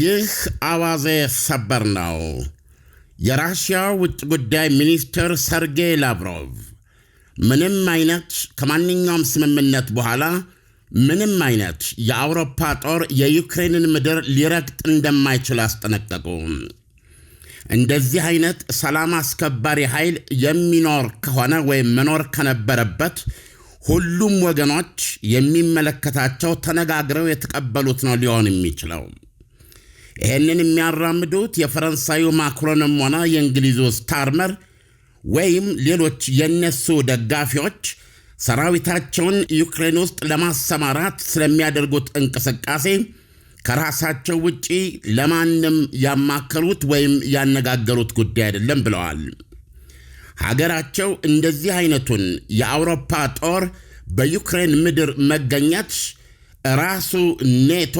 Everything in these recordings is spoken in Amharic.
ይህ አዋዜ ሰበር ነው። የራሽያ ውጭ ጉዳይ ሚኒስትር ሰርጌይ ላቭሮቭ ምንም አይነት ከማንኛውም ስምምነት በኋላ ምንም አይነት የአውሮፓ ጦር የዩክሬንን ምድር ሊረግጥ እንደማይችል አስጠነቀቁ። እንደዚህ አይነት ሰላም አስከባሪ ኃይል የሚኖር ከሆነ ወይም መኖር ከነበረበት ሁሉም ወገኖች የሚመለከታቸው ተነጋግረው የተቀበሉት ነው ሊሆን የሚችለው። ይህንን የሚያራምዱት የፈረንሳዩ ማክሮንም ሆነ የእንግሊዙ ስታርመር ወይም ሌሎች የእነሱ ደጋፊዎች ሰራዊታቸውን ዩክሬን ውስጥ ለማሰማራት ስለሚያደርጉት እንቅስቃሴ ከራሳቸው ውጪ ለማንም ያማከሩት ወይም ያነጋገሩት ጉዳይ አይደለም ብለዋል። ሀገራቸው እንደዚህ አይነቱን የአውሮፓ ጦር በዩክሬን ምድር መገኘት ራሱ ኔቶ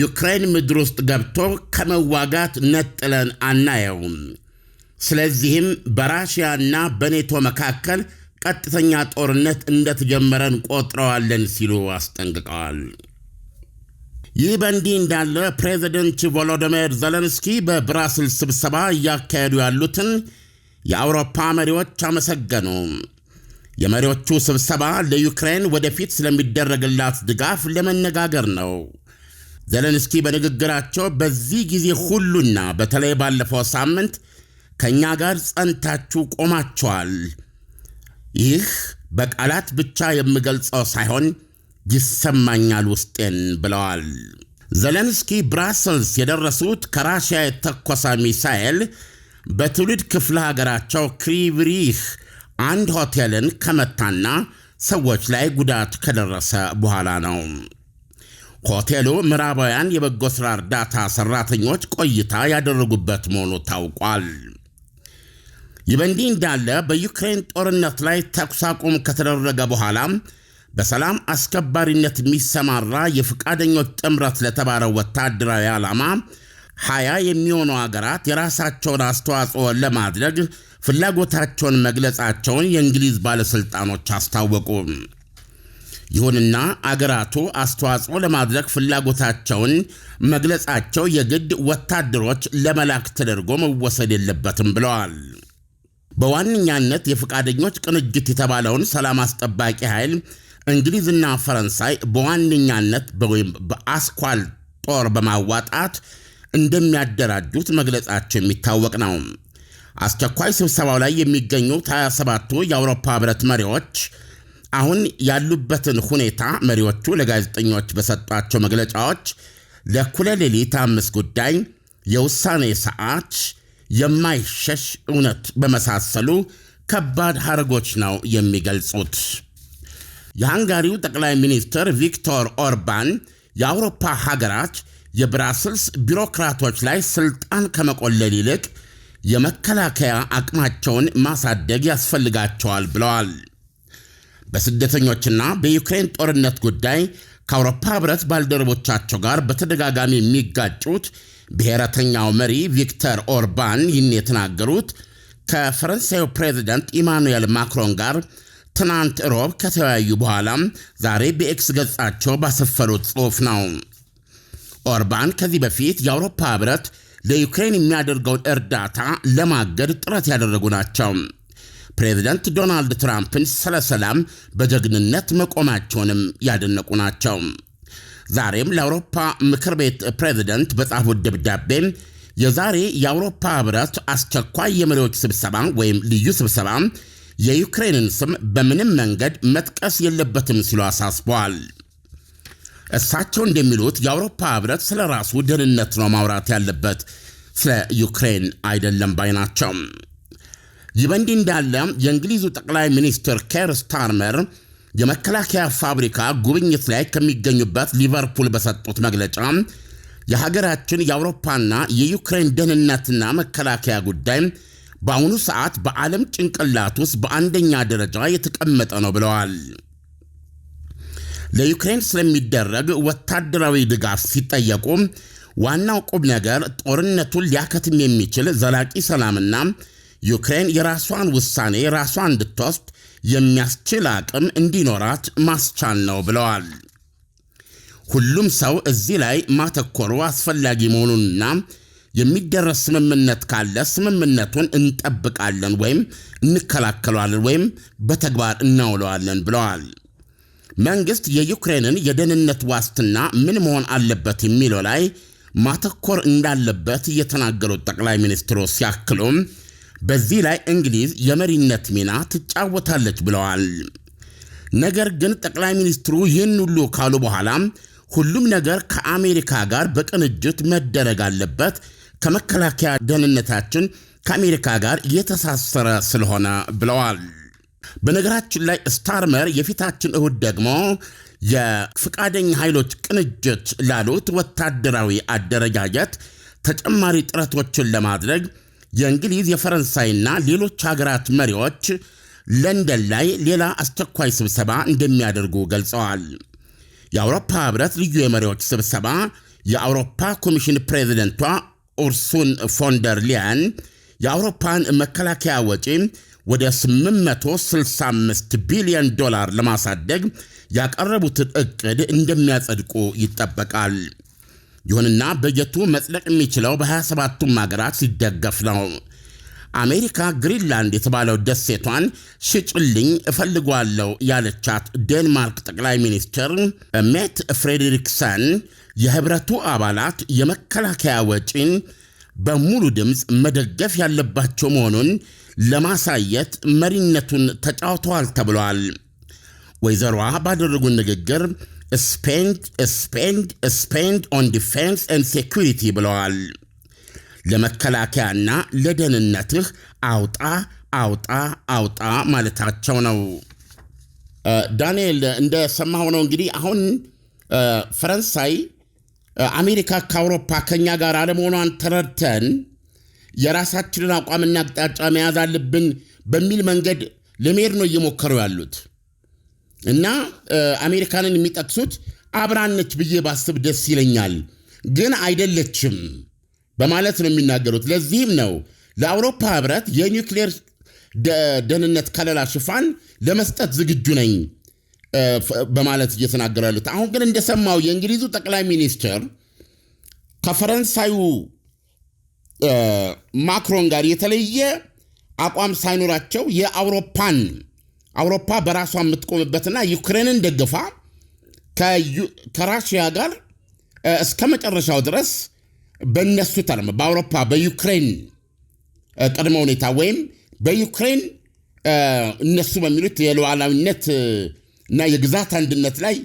ዩክሬን ምድር ውስጥ ገብቶ ከመዋጋት ነጥለን አናየውም። ስለዚህም በራሽያና በኔቶ መካከል ቀጥተኛ ጦርነት እንደተጀመረን ቆጥረዋለን ሲሉ አስጠንቅቀዋል። ይህ በእንዲህ እንዳለ ፕሬዚደንት ቮሎዲሚር ዘለንስኪ በብራስልስ ስብሰባ እያካሄዱ ያሉትን የአውሮፓ መሪዎች አመሰገኑ። የመሪዎቹ ስብሰባ ለዩክሬን ወደፊት ስለሚደረግላት ድጋፍ ለመነጋገር ነው። ዘለንስኪ በንግግራቸው በዚህ ጊዜ ሁሉና በተለይ ባለፈው ሳምንት ከእኛ ጋር ጸንታችሁ ቆማችኋል። ይህ በቃላት ብቻ የምገልጸው ሳይሆን ይሰማኛል ውስጤን ብለዋል። ዘለንስኪ ብራሰልስ የደረሱት ከራሽያ የተኮሰ ሚሳኤል በትውልድ ክፍለ ሀገራቸው ክሪቭሪህ አንድ ሆቴልን ከመታና ሰዎች ላይ ጉዳት ከደረሰ በኋላ ነው። ሆቴሉ ምዕራባውያን የበጎ ስራ እርዳታ ሠራተኞች ቆይታ ያደረጉበት መሆኑ ታውቋል። ይህ በእንዲህ እንዳለ በዩክሬን ጦርነት ላይ ተኩስ አቁም ከተደረገ በኋላ በሰላም አስከባሪነት የሚሰማራ የፈቃደኞች ጥምረት ለተባለው ወታደራዊ ዓላማ ሀያ የሚሆኑ አገራት የራሳቸውን አስተዋጽኦ ለማድረግ ፍላጎታቸውን መግለጻቸውን የእንግሊዝ ባለሥልጣኖች አስታወቁ። ይሁንና አገራቱ አስተዋጽኦ ለማድረግ ፍላጎታቸውን መግለጻቸው የግድ ወታደሮች ለመላክ ተደርጎ መወሰድ የለበትም ብለዋል። በዋነኛነት የፈቃደኞች ቅንጅት የተባለውን ሰላም አስጠባቂ ኃይል እንግሊዝና ፈረንሳይ በዋነኛነት ወይም በአስኳል ጦር በማዋጣት እንደሚያደራጁት መግለጻቸው የሚታወቅ ነው። አስቸኳይ ስብሰባው ላይ የሚገኙት 27ቱ የአውሮፓ ህብረት መሪዎች አሁን ያሉበትን ሁኔታ መሪዎቹ ለጋዜጠኞች በሰጧቸው መግለጫዎች ለእኩለ ሌሊት አምስት ጉዳይ የውሳኔ ሰዓት የማይሸሽ እውነት በመሳሰሉ ከባድ ሐረጎች ነው የሚገልጹት። የሃንጋሪው ጠቅላይ ሚኒስትር ቪክቶር ኦርባን የአውሮፓ ሀገራት የብራስልስ ቢሮክራቶች ላይ ስልጣን ከመቆለል ይልቅ የመከላከያ አቅማቸውን ማሳደግ ያስፈልጋቸዋል ብለዋል። በስደተኞችና በዩክሬን ጦርነት ጉዳይ ከአውሮፓ ህብረት ባልደረቦቻቸው ጋር በተደጋጋሚ የሚጋጩት ብሔረተኛው መሪ ቪክተር ኦርባን ይህን የተናገሩት ከፈረንሳዩ ፕሬዚደንት ኢማኑኤል ማክሮን ጋር ትናንት ሮብ ከተወያዩ በኋላ ዛሬ በኤክስ ገጻቸው ባሰፈሩት ጽሑፍ ነው። ኦርባን ከዚህ በፊት የአውሮፓ ህብረት ለዩክሬን የሚያደርገውን እርዳታ ለማገድ ጥረት ያደረጉ ናቸው። ፕሬዚደንት ዶናልድ ትራምፕን ስለ ሰላም በጀግንነት መቆማቸውንም ያደነቁ ናቸው። ዛሬም ለአውሮፓ ምክር ቤት ፕሬዚደንት በጻፉት ደብዳቤ የዛሬ የአውሮፓ ህብረት አስቸኳይ የመሪዎች ስብሰባ ወይም ልዩ ስብሰባ የዩክሬንን ስም በምንም መንገድ መጥቀስ የለበትም ሲሉ አሳስበዋል። እሳቸው እንደሚሉት የአውሮፓ ህብረት ስለ ራሱ ደህንነት ነው ማውራት ያለበት፣ ስለ ዩክሬን አይደለም ባይ ናቸው። ይህ በእንዲህ እንዳለ የእንግሊዙ ጠቅላይ ሚኒስትር ኬር ስታርመር የመከላከያ ፋብሪካ ጉብኝት ላይ ከሚገኙበት ሊቨርፑል በሰጡት መግለጫ የሀገራችን የአውሮፓና የዩክሬን ደህንነትና መከላከያ ጉዳይ በአሁኑ ሰዓት በዓለም ጭንቅላት ውስጥ በአንደኛ ደረጃ የተቀመጠ ነው ብለዋል። ለዩክሬን ስለሚደረግ ወታደራዊ ድጋፍ ሲጠየቁ ዋናው ቁም ነገር ጦርነቱን ሊያከትም የሚችል ዘላቂ ሰላምና ዩክሬን የራሷን ውሳኔ ራሷ እንድትወስድ የሚያስችል አቅም እንዲኖራት ማስቻል ነው ብለዋል። ሁሉም ሰው እዚህ ላይ ማተኮሩ አስፈላጊ መሆኑንና የሚደረስ ስምምነት ካለ ስምምነቱን እንጠብቃለን ወይም እንከላከሏለን ወይም በተግባር እናውለዋለን ብለዋል። መንግሥት የዩክሬንን የደህንነት ዋስትና ምን መሆን አለበት የሚለው ላይ ማተኮር እንዳለበት የተናገሩት ጠቅላይ ሚኒስትሩ ሲያክሉም በዚህ ላይ እንግሊዝ የመሪነት ሚና ትጫወታለች ብለዋል። ነገር ግን ጠቅላይ ሚኒስትሩ ይህን ሁሉ ካሉ በኋላ ሁሉም ነገር ከአሜሪካ ጋር በቅንጅት መደረግ አለበት፣ ከመከላከያ ደህንነታችን ከአሜሪካ ጋር የተሳሰረ ስለሆነ ብለዋል። በነገራችን ላይ ስታርመር የፊታችን እሁድ ደግሞ የፍቃደኛ ኃይሎች ቅንጅት ላሉት ወታደራዊ አደረጃጀት ተጨማሪ ጥረቶችን ለማድረግ የእንግሊዝ የፈረንሳይና ሌሎች ሀገራት መሪዎች ለንደን ላይ ሌላ አስቸኳይ ስብሰባ እንደሚያደርጉ ገልጸዋል። የአውሮፓ ህብረት ልዩ የመሪዎች ስብሰባ የአውሮፓ ኮሚሽን ፕሬዚደንቷ ኡርሱን ፎንደር ሊያን የአውሮፓን መከላከያ ወጪ ወደ 865 ቢሊዮን ዶላር ለማሳደግ ያቀረቡትን እቅድ እንደሚያጸድቁ ይጠበቃል። ይሁንና በጀቱ መጽደቅ የሚችለው በ27ቱም ሀገራት ሲደገፍ ነው። አሜሪካ ግሪንላንድ የተባለው ደሴቷን ሽጭልኝ እፈልጓለሁ ያለቻት ዴንማርክ ጠቅላይ ሚኒስትር ሜት ፍሬድሪክሰን የህብረቱ አባላት የመከላከያ ወጪን በሙሉ ድምፅ መደገፍ ያለባቸው መሆኑን ለማሳየት መሪነቱን ተጫውተዋል ተብሏል። ወይዘሮዋ ባደረጉን ንግግር ስፔንድ ስፔንድ ስፔንድ ኦን ዲፌንስ ኤንድ ሴኩሪቲ ብለዋል። ለመከላከያና ለደህንነትህ አውጣ አውጣ አውጣ ማለታቸው ነው። ዳንኤል እንደሰማው ነው እንግዲህ አሁን ፈረንሳይ አሜሪካ ከአውሮፓ ከኛ ጋር አለመሆኗን ተረድተን የራሳችንን አቋምና አቅጣጫ መያዝ አለብን በሚል መንገድ ለመሄድ ነው እየሞከሩ ያሉት። እና አሜሪካንን የሚጠቅሱት አብራነች ብዬ ባስብ ደስ ይለኛል፣ ግን አይደለችም በማለት ነው የሚናገሩት። ለዚህም ነው ለአውሮፓ ህብረት የኒውክሌር ደህንነት ከለላ ሽፋን ለመስጠት ዝግጁ ነኝ በማለት እየተናገሩ ያሉት። አሁን ግን እንደሰማው የእንግሊዙ ጠቅላይ ሚኒስትር ከፈረንሳዩ ማክሮን ጋር የተለየ አቋም ሳይኖራቸው የአውሮፓን አውሮፓ በራሷ የምትቆምበትና ዩክሬንን ደግፋ ከራሽያ ጋር እስከ መጨረሻው ድረስ በእነሱ ተርም በአውሮፓ በዩክሬን ቅድመ ሁኔታ ወይም በዩክሬን እነሱ በሚሉት የሉዓላዊነት እና የግዛት አንድነት ላይ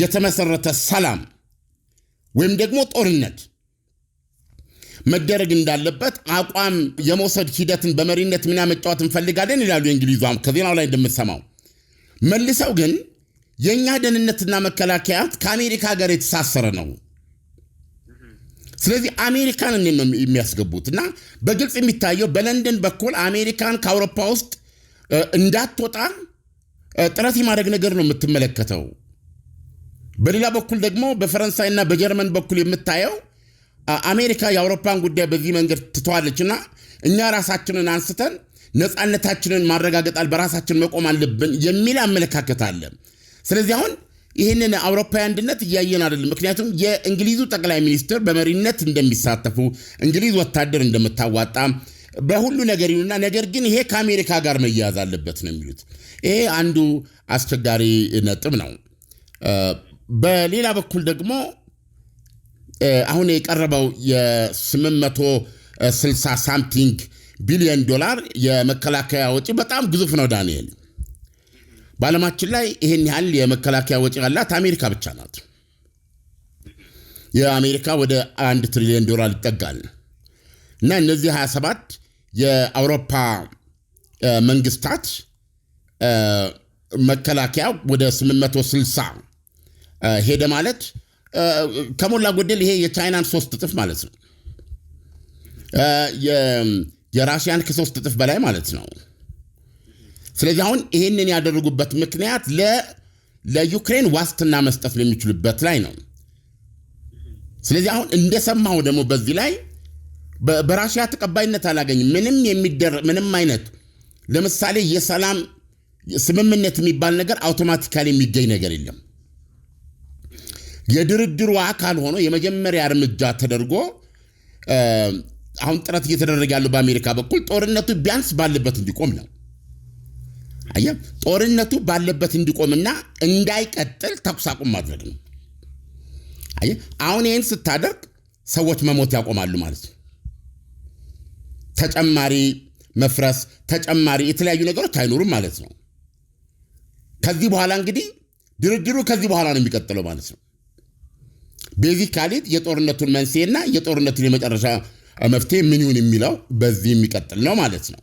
የተመሰረተ ሰላም ወይም ደግሞ ጦርነት መደረግ እንዳለበት አቋም የመውሰድ ሂደትን በመሪነት ሚና መጫወት እንፈልጋለን ይላሉ የእንግሊዟም ከዜናው ላይ እንደምትሰማው። መልሰው ግን የእኛ ደህንነትና መከላከያ ከአሜሪካ ጋር የተሳሰረ ነው። ስለዚህ አሜሪካንን የሚያስገቡት እና በግልጽ የሚታየው በለንደን በኩል አሜሪካን ከአውሮፓ ውስጥ እንዳትወጣ ጥረት የማድረግ ነገር ነው የምትመለከተው። በሌላ በኩል ደግሞ በፈረንሳይና በጀርመን በኩል የምታየው አሜሪካ የአውሮፓን ጉዳይ በዚህ መንገድ ትተዋለችና እኛ ራሳችንን አንስተን ነፃነታችንን ማረጋገጣል በራሳችን መቆም አለብን የሚል አመለካከት አለ። ስለዚህ አሁን ይህንን አውሮፓዊ አንድነት እያየን አይደለም። ምክንያቱም የእንግሊዙ ጠቅላይ ሚኒስትር በመሪነት እንደሚሳተፉ እንግሊዝ ወታደር እንደምታዋጣ በሁሉ ነገር ይሉና፣ ነገር ግን ይሄ ከአሜሪካ ጋር መያያዝ አለበት ነው የሚሉት። ይሄ አንዱ አስቸጋሪ ነጥብ ነው። በሌላ በኩል ደግሞ አሁን የቀረበው የ860 ሳምቲንግ ቢሊዮን ዶላር የመከላከያ ወጪ በጣም ግዙፍ ነው። ዳንኤል በዓለማችን ላይ ይህን ያህል የመከላከያ ወጪ ያላት አሜሪካ ብቻ ናት። የአሜሪካ ወደ አንድ ትሪሊዮን ዶላር ይጠጋል እና እነዚህ 27 የአውሮፓ መንግስታት መከላከያ ወደ 860 ሄደ ማለት ከሞላ ጎደል ይሄ የቻይናን ሶስት እጥፍ ማለት ነው። የራሽያን ከሶስት እጥፍ በላይ ማለት ነው። ስለዚህ አሁን ይህንን ያደረጉበት ምክንያት ለዩክሬን ዋስትና መስጠት የሚችሉበት ላይ ነው። ስለዚህ አሁን እንደሰማሁ ደግሞ በዚህ ላይ በራሽያ ተቀባይነት አላገኝም። ምንም የሚደረግ ምንም አይነት ለምሳሌ የሰላም ስምምነት የሚባል ነገር አውቶማቲካሊ የሚገኝ ነገር የለም። የድርድሩ አካል ሆኖ የመጀመሪያ እርምጃ ተደርጎ አሁን ጥረት እየተደረገ ያለው በአሜሪካ በኩል ጦርነቱ ቢያንስ ባለበት እንዲቆም ነው። አየህ፣ ጦርነቱ ባለበት እንዲቆምና እንዳይቀጥል ተኩስ አቁም ማድረግ ነው። አየህ፣ አሁን ይህን ስታደርግ ሰዎች መሞት ያቆማሉ ማለት ነው። ተጨማሪ መፍረስ፣ ተጨማሪ የተለያዩ ነገሮች አይኖሩም ማለት ነው። ከዚህ በኋላ እንግዲህ ድርድሩ ከዚህ በኋላ ነው የሚቀጥለው ማለት ነው። ቤዚካሊ የጦርነቱን መንስኤና የጦርነቱን የመጨረሻ መፍትሄ ምን ይሁን የሚለው በዚህ የሚቀጥል ነው ማለት ነው።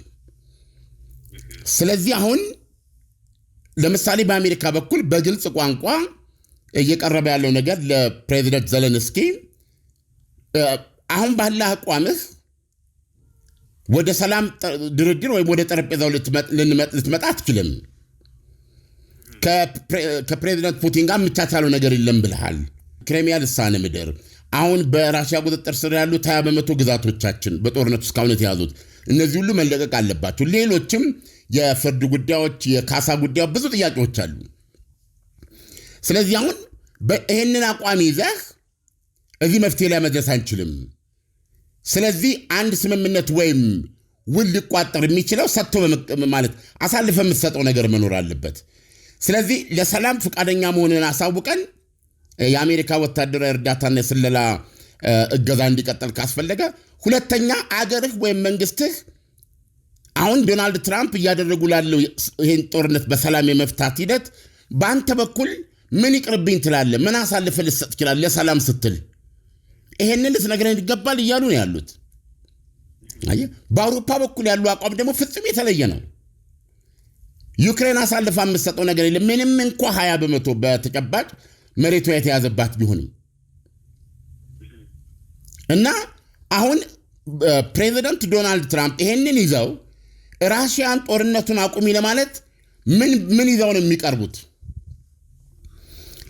ስለዚህ አሁን ለምሳሌ በአሜሪካ በኩል በግልጽ ቋንቋ እየቀረበ ያለው ነገር ለፕሬዚደንት ዘለንስኪ አሁን ባለ አቋምህ ወደ ሰላም ድርድር ወይም ወደ ጠረጴዛው ልትመጣ አትችልም፣ ከፕሬዚደንት ፑቲን ጋር የምቻቻለው ነገር የለም ብልሃል። ክሬሚያ ልሳነ ምድር አሁን በራሽያ ቁጥጥር ስር ያሉት ሀያ በመቶ ግዛቶቻችን በጦርነቱ እስካሁን የተያዙት እነዚህ ሁሉ መለቀቅ አለባቸው። ሌሎችም የፍርድ ጉዳዮች፣ የካሳ ጉዳዮች፣ ብዙ ጥያቄዎች አሉ። ስለዚህ አሁን ይህንን አቋም ይዘህ እዚህ መፍትሄ ላይ መድረስ አንችልም። ስለዚህ አንድ ስምምነት ወይም ውል ሊቋጠር የሚችለው ሰጥቶ ማለት አሳልፈ የምትሰጠው ነገር መኖር አለበት። ስለዚህ ለሰላም ፈቃደኛ መሆንን አሳውቀን የአሜሪካ ወታደራዊ እርዳታና የስለላ እገዛ እንዲቀጥል ካስፈለገ፣ ሁለተኛ አገርህ ወይም መንግስትህ አሁን ዶናልድ ትራምፕ እያደረጉ ላለው ይህን ጦርነት በሰላም የመፍታት ሂደት በአንተ በኩል ምን ይቅርብኝ ትላለ? ምን አሳልፈ ልሰጥ ትችላለህ? ለሰላም ስትል ይሄንን ልትነግረን ይገባል እያሉ ነው ያሉት። በአውሮፓ በኩል ያሉ አቋም ደግሞ ፍጹም የተለየ ነው። ዩክሬን አሳልፋ የምትሰጠው ነገር የለም። ምንም እንኳ ሀያ በመቶ በተጨባጭ መሬቷ የተያዘባት ቢሆንም እና አሁን ፕሬዚደንት ዶናልድ ትራምፕ ይሄንን ይዘው ራሽያን ጦርነቱን አቁሚ ለማለት ምን ይዘው ነው የሚቀርቡት?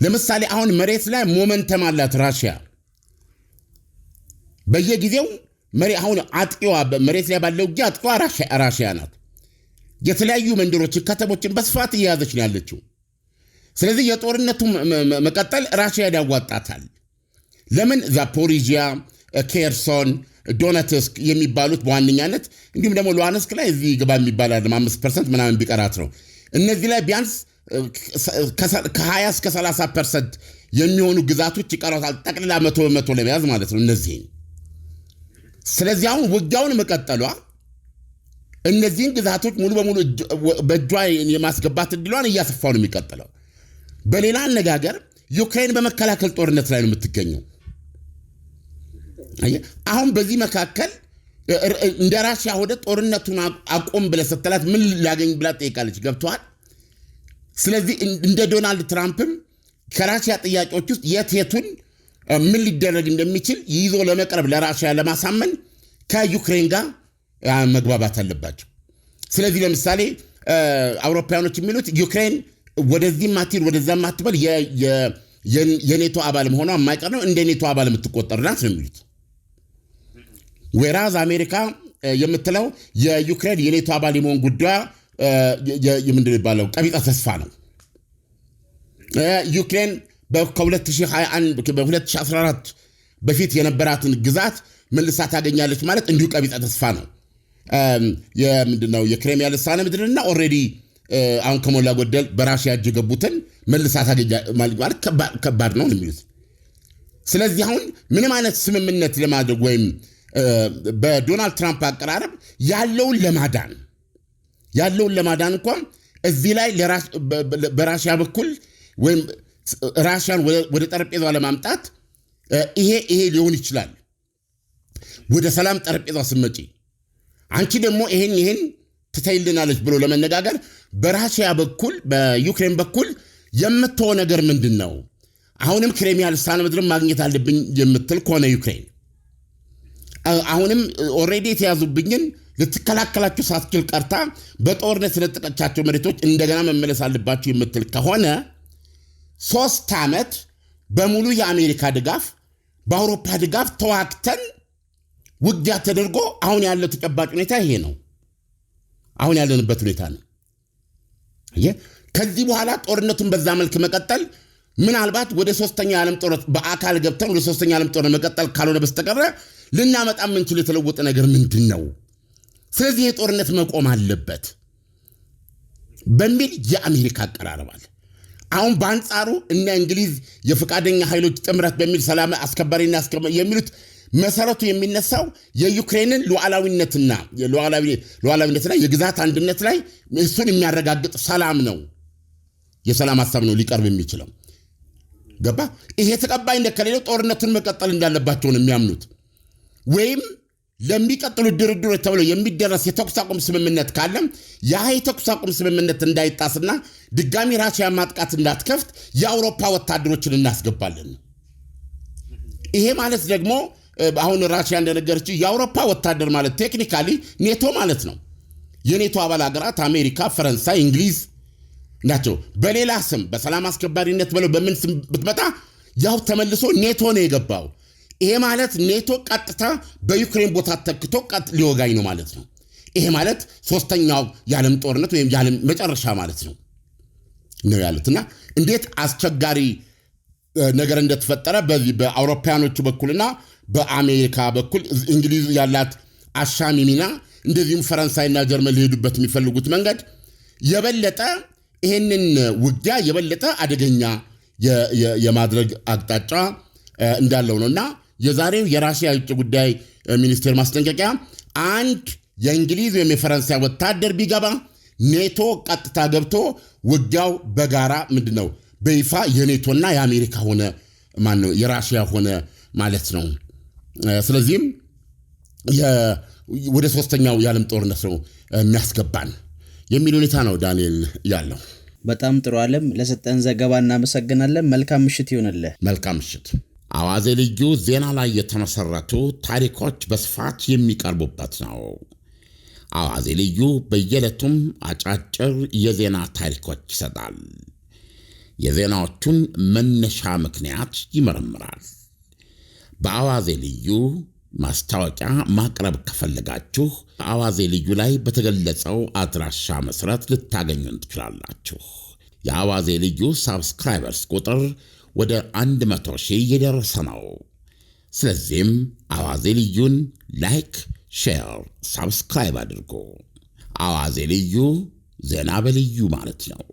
ለምሳሌ አሁን መሬት ላይ ሞመንተም አላት ራሽያ በየጊዜው አሁን አጥቂዋ መሬት ላይ ባለው ጊዜ አጥቂዋ ራሽያ ናት። የተለያዩ መንደሮችን ከተሞችን በስፋት እየያዘች ነው ያለችው። ስለዚህ የጦርነቱ መቀጠል ራሽያን ያዋጣታል። ለምን ዛፖሪዥያ፣ ኬርሶን፣ ዶነትስክ የሚባሉት በዋነኛነት እንዲሁም ደግሞ ሉሃንስክ ላይ እዚህ ግባ የሚባል አለ አምስት ፐርሰንት ምናምን ቢቀራት ነው። እነዚህ ላይ ቢያንስ ከ20 እስከ 30 ፐርሰንት የሚሆኑ ግዛቶች ይቀራታል። ጠቅላላ መቶ በመቶ ለመያዝ ማለት ነው እነዚህን። ስለዚህ አሁን ውጊያውን መቀጠሏ እነዚህን ግዛቶች ሙሉ በሙሉ በእጇ የማስገባት እድሏን እያሰፋ ነው የሚቀጥለው። በሌላ አነጋገር ዩክሬን በመከላከል ጦርነት ላይ ነው የምትገኘው። አሁን በዚህ መካከል እንደ ራሽያ ወደ ጦርነቱን አቆም ብለህ ስትላት ምን ላገኝ ብላ ጠይቃለች። ገብተዋል። ስለዚህ እንደ ዶናልድ ትራምፕም ከራሽያ ጥያቄዎች ውስጥ የት የቱን ምን ሊደረግ እንደሚችል ይዞ ለመቅረብ ለራሽያ ለማሳመን ከዩክሬን ጋር መግባባት አለባቸው። ስለዚህ ለምሳሌ አውሮፓውያኖች የሚሉት ዩክሬን ወደዚህ አትሂድ ወደዛ ማትበል የኔቶ አባል መሆኗ የማይቀር ነው። እንደ ኔቶ አባል የምትቆጠር ናት ነው የሚሉት። ዌራዝ አሜሪካ የምትለው የዩክሬን የኔቶ አባል የመሆን ጉዳዩ ምንድን የሚባለው ቀቢጠ ተስፋ ነው። ዩክሬን ከ2014 በፊት የነበራትን ግዛት መልሳ ታገኛለች ማለት እንዲሁ ቀቢጠ ተስፋ ነው። ምንድነው የክሬሚያ ልሳነ ምድርና ኦልሬዲ አሁን ከሞላ ጎደል በራሱ ያጅ የገቡትን መልሳት ማለት ከባድ ነው የሚሉት። ስለዚህ አሁን ምንም አይነት ስምምነት ለማድረግ ወይም በዶናልድ ትራምፕ አቀራረብ ያለውን ለማዳን ያለውን ለማዳን እንኳን እዚህ ላይ በራሽያ በኩል ወይም ራሽያን ወደ ጠረጴዛ ለማምጣት ይሄ ይሄ ሊሆን ይችላል። ወደ ሰላም ጠረጴዛ ስመጪ አንቺ ደግሞ ይሄን ይሄን ትተይልናለች ብሎ ለመነጋገር በራሽያ በኩል በዩክሬን በኩል የምትሆ ነገር ምንድን ነው? አሁንም ክሬሚያ ልሳነ ምድርም ማግኘት አለብኝ የምትል ከሆነ ዩክሬን አሁንም ኦልሬዲ የተያዙብኝን ልትከላከላቸው ሳትችል ቀርታ በጦርነት ስለጠቀቻቸው መሬቶች እንደገና መመለስ አለባቸው የምትል ከሆነ ሶስት ዓመት በሙሉ የአሜሪካ ድጋፍ በአውሮፓ ድጋፍ ተዋግተን ውጊያ ተደርጎ አሁን ያለው ተጨባጭ ሁኔታ ይሄ ነው። አሁን ያለንበት ሁኔታ ነው። ከዚህ በኋላ ጦርነቱን በዛ መልክ መቀጠል ምናልባት ወደ ሶስተኛ ዓለም ጦርነት በአካል ገብተን ወደ ሶስተኛ ዓለም ጦርነት መቀጠል ካልሆነ በስተቀረ ልናመጣ የምንችል የተለወጠ ነገር ምንድን ነው? ስለዚህ የጦርነት መቆም አለበት በሚል የአሜሪካ አቀራረብ አለ። አሁን በአንጻሩ እነ እንግሊዝ የፈቃደኛ ኃይሎች ጥምረት በሚል ሰላም አስከባሪና የሚሉት መሰረቱ የሚነሳው የዩክሬንን ሉዓላዊነትና ሉዓላዊነትና የግዛት አንድነት ላይ እሱን የሚያረጋግጥ ሰላም ነው፣ የሰላም ሀሳብ ነው ሊቀርብ የሚችለው። ገባ? ይሄ ተቀባይነት ከሌለው ጦርነቱን መቀጠል እንዳለባቸው ነው የሚያምኑት። ወይም ለሚቀጥሉት ድርድሮች ተብለው የሚደረስ የተኩስ አቁም ስምምነት ካለም ያ የተኩስ አቁም ስምምነት እንዳይጣስና ድጋሚ ራሽያ ማጥቃት እንዳትከፍት የአውሮፓ ወታደሮችን እናስገባለን። ይሄ ማለት ደግሞ አሁን ራሽያ እንደነገረችው የአውሮፓ ወታደር ማለት ቴክኒካሊ ኔቶ ማለት ነው። የኔቶ አባል ሀገራት አሜሪካ፣ ፈረንሳይ፣ እንግሊዝ ናቸው። በሌላ ስም በሰላም አስከባሪነት ብለው በምን ስም ብትመጣ ያው ተመልሶ ኔቶ ነው የገባው። ይሄ ማለት ኔቶ ቀጥታ በዩክሬን ቦታ ተክቶ ቀጥ ሊወጋኝ ነው ማለት ነው። ይሄ ማለት ሶስተኛው የዓለም ጦርነት ወይም የዓለም መጨረሻ ማለት ነው ነው ያሉት እና እንዴት አስቸጋሪ ነገር እንደተፈጠረ በዚህ በአውሮፓያኖቹ በኩልና በአሜሪካ በኩል እንግሊዝ ያላት አሻሚ ሚና፣ እንደዚሁም ፈረንሳይና ጀርመን ሊሄዱበት የሚፈልጉት መንገድ የበለጠ ይህንን ውጊያ የበለጠ አደገኛ የማድረግ አቅጣጫ እንዳለው ነው እና የዛሬው የራሽያ የውጭ ጉዳይ ሚኒስቴር ማስጠንቀቂያ አንድ የእንግሊዝ ወይም የፈረንሳይ ወታደር ቢገባ ኔቶ ቀጥታ ገብቶ ውጊያው በጋራ ምንድን ነው በይፋ የኔቶና የአሜሪካ ሆነ ማን የራሽያ ሆነ ማለት ነው። ስለዚህም ወደ ሶስተኛው የዓለም ጦርነት ነው የሚያስገባን የሚል ሁኔታ ነው ዳንኤል ያለው። በጣም ጥሩ አለም፣ ለሰጠን ዘገባ እናመሰግናለን። መልካም ምሽት ይሆንልህ። መልካም ምሽት። አዋዜ ልዩ ዜና ላይ የተመሰረቱ ታሪኮች በስፋት የሚቀርቡበት ነው። አዋዜ ልዩ በየዕለቱም አጫጭር የዜና ታሪኮች ይሰጣል። የዜናዎቹን መነሻ ምክንያት ይመረምራል። በአዋዜ ልዩ ማስታወቂያ ማቅረብ ከፈለጋችሁ በአዋዜ ልዩ ላይ በተገለጸው አድራሻ መሠረት ልታገኙን ትችላላችሁ። የአዋዜ ልዩ ሳብስክራይበርስ ቁጥር ወደ 100 ሺህ የደረሰ ነው። ስለዚህም አዋዜ ልዩን ላይክ፣ ሼር፣ ሳብስክራይብ አድርጎ አዋዜ ልዩ ዜና በልዩ ማለት ነው።